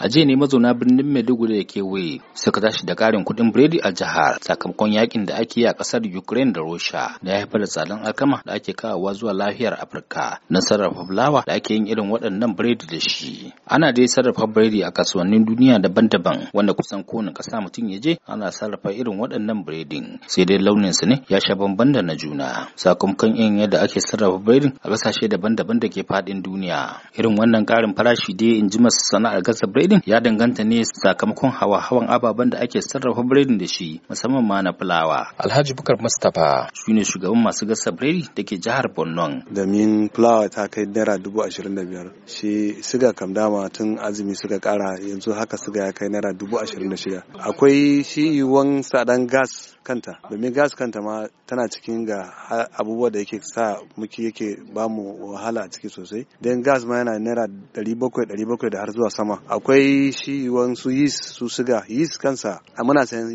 a jiya ne mazauna birnin maiduguri da kewaye suka tashi da karin kudin biredi a jihar sakamakon yakin da ake yi a kasar ukraine da rusha da ya haifar da tsadan alkama da ake kawowa zuwa lafiyar afirka na sarrafa fulawa da ake yin irin waɗannan biredi da shi ana dai sarrafa biredi a kasuwannin duniya daban-daban wanda kusan kowane kasa mutum ya je ana sarrafa irin waɗannan biredin sai dai launin su ne ya sha bamban da na juna sakamakon yin yadda ake sarrafa biredin a kasashe daban-daban da ke faɗin duniya irin wannan ƙarin farashi dai in ji masu sana'ar gasa biredi kuɗin ya danganta ne sakamakon hawa-hawan ababen da ake sarrafa biredin da shi musamman ma na fulawa. Alhaji Bukar Mustapha shi ne shugaban masu gasa biredi da ke jihar Borno. Domin fulawa ta kai naira dubu ashirin da biyar shi suga kam dama tun azumi suka kara yanzu haka suga ya kai naira dubu ashirin da shida. Akwai shi yiwuwan sadan gas kanta domin gas kanta ma tana cikin ga abubuwa da yake sa muke yake bamu wahala a ciki sosai. Dan gas ma yana naira ɗari bakwai ɗari bakwai da har zuwa sama. Akwai akwai shi wasu yis su siga yis kansa a muna sayan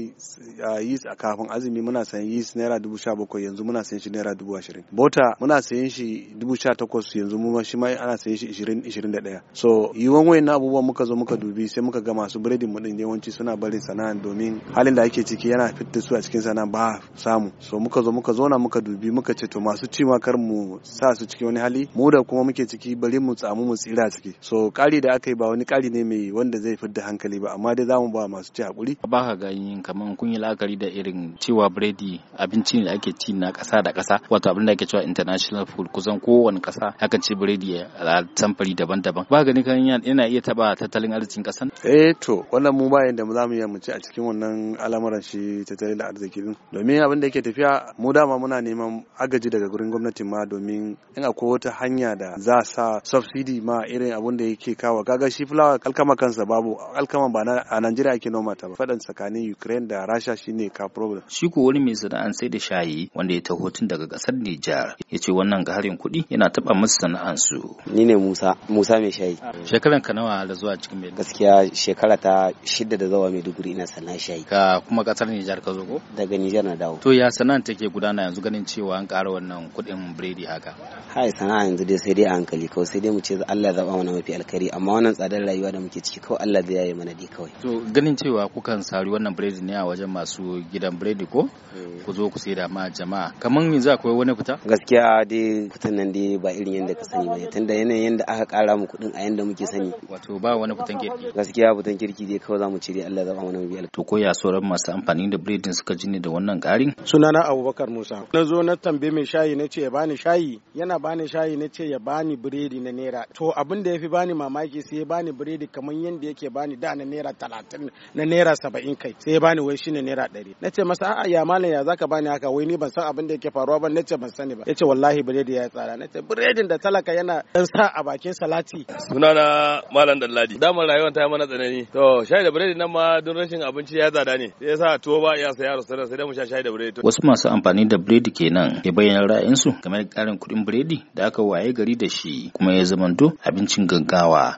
yis a kafin azumi muna sayan yis naira dubu sha bakwai yanzu muna sayan shi naira dubu ashirin bota muna sayan shi dubu sha takwas yanzu muma shi ma ana sayan shi ishirin ishirin da ɗaya so yiwuwan wayan abubuwa muka zo muka dubi sai muka ga masu biredin mu ɗin yawanci suna barin sana'a domin halin da ake ciki yana fitta su a cikin sana'a ba samu so muka zo muka zauna muka dubi muka ce to masu ci kar mu sa su cikin wani hali mu da kuma muke ciki bari mu tsamu mu tsira ciki so kari da aka yi ba wani kari ne mai wanda zai fidda hankali ba amma dai zamu ba masu ci hakuri ba ka gani kaman kun yi la'akari da irin cewa biredi abinci ne da ake ci na kasa da kasa wato abin da ake cewa international food kusan kowane kasa haka ci biredi a samfari daban-daban ba gani kan yana iya taba tattalin arzikin kasan eh to wannan mu ba yanda mu mu yi mu ci a cikin wannan al'amuran shi tattalin arziki din domin abin da yake tafiya mu dama muna neman agaji daga gurin gwamnati ma domin in akwai wata hanya da za sa subsidy ma irin abin da yake kawo kaga shi fulawa kalkama kansa babu alkama ba a Najeriya ake noma ta ba fadan tsakanin Ukraine da Rasha shine ka problem shi ko wani mai sana'an sai da shayi wanda ya taho tun daga kasar Nijar ya ce wannan gaharin kuɗi yana taɓa masu sana'an su ni ne Musa Musa mai shayi shekaran ka nawa da zuwa cikin mai gaskiya shekara ta shidda da zawa Maiduguri ina sana'an shayi ka kuma kasar Nijar ka zo ko daga Nijar na dawo to ya sana'an take gudana yanzu ganin cewa an ƙara wannan kuɗin biredi haka hai sana'a yanzu dai sai dai a hankali kawai sai dai mu ce Allah ya zaba mana mafi alkari amma wannan tsadar rayuwa da muke ciki kawai Allah zai yaye mana dai kawai to ganin cewa kukan sari wannan biredi ne a wajen masu gidan biredi ko eh. ku zo ku saida ma jama'a kaman me za ku wani fita gaskiya dai fitan nan dai ba irin yanda ka sani ba tunda yanayin yanda aka kara mu kuɗin a yanda muke sani wato ba wani fitan kirki gaskiya fitan kirki dai kawai za mu ci dai Allah zaba mana biyar to ko ya sauran masu amfani da biredin suka ji ne da wannan ƙarin sunana Abubakar Musa na zo na tambaye mai shayi na ce ya bani shayi yana bani shayi na ce ya bani biredi na naira to abin da ya fi bani mamaki sai ya bani biredi kamar yadda yake bani da na naira talatin na naira saba'in kai sai ya bani wai shine naira ɗari na ce masa a'a ya malam ya zaka bani haka wai ni ban san abin da yake faruwa ba na ce ban sani ba ya ce wallahi biredi ya tsara na ce biredin da talaka yana dan sa a bakin salati sunana malam dalladi dama rayuwar ta mana tsanani to shayi da biredi nan ma don rashin abinci ya tsada ne sai ya sa tuwo ba ya sayar restaurant sai da mu sha shayi da biredi wasu masu amfani da biredi kenan ya bayyana ra'ayinsu game da karin kuɗin biredi da aka waye gari da shi kuma ya zamanto abincin gaggawa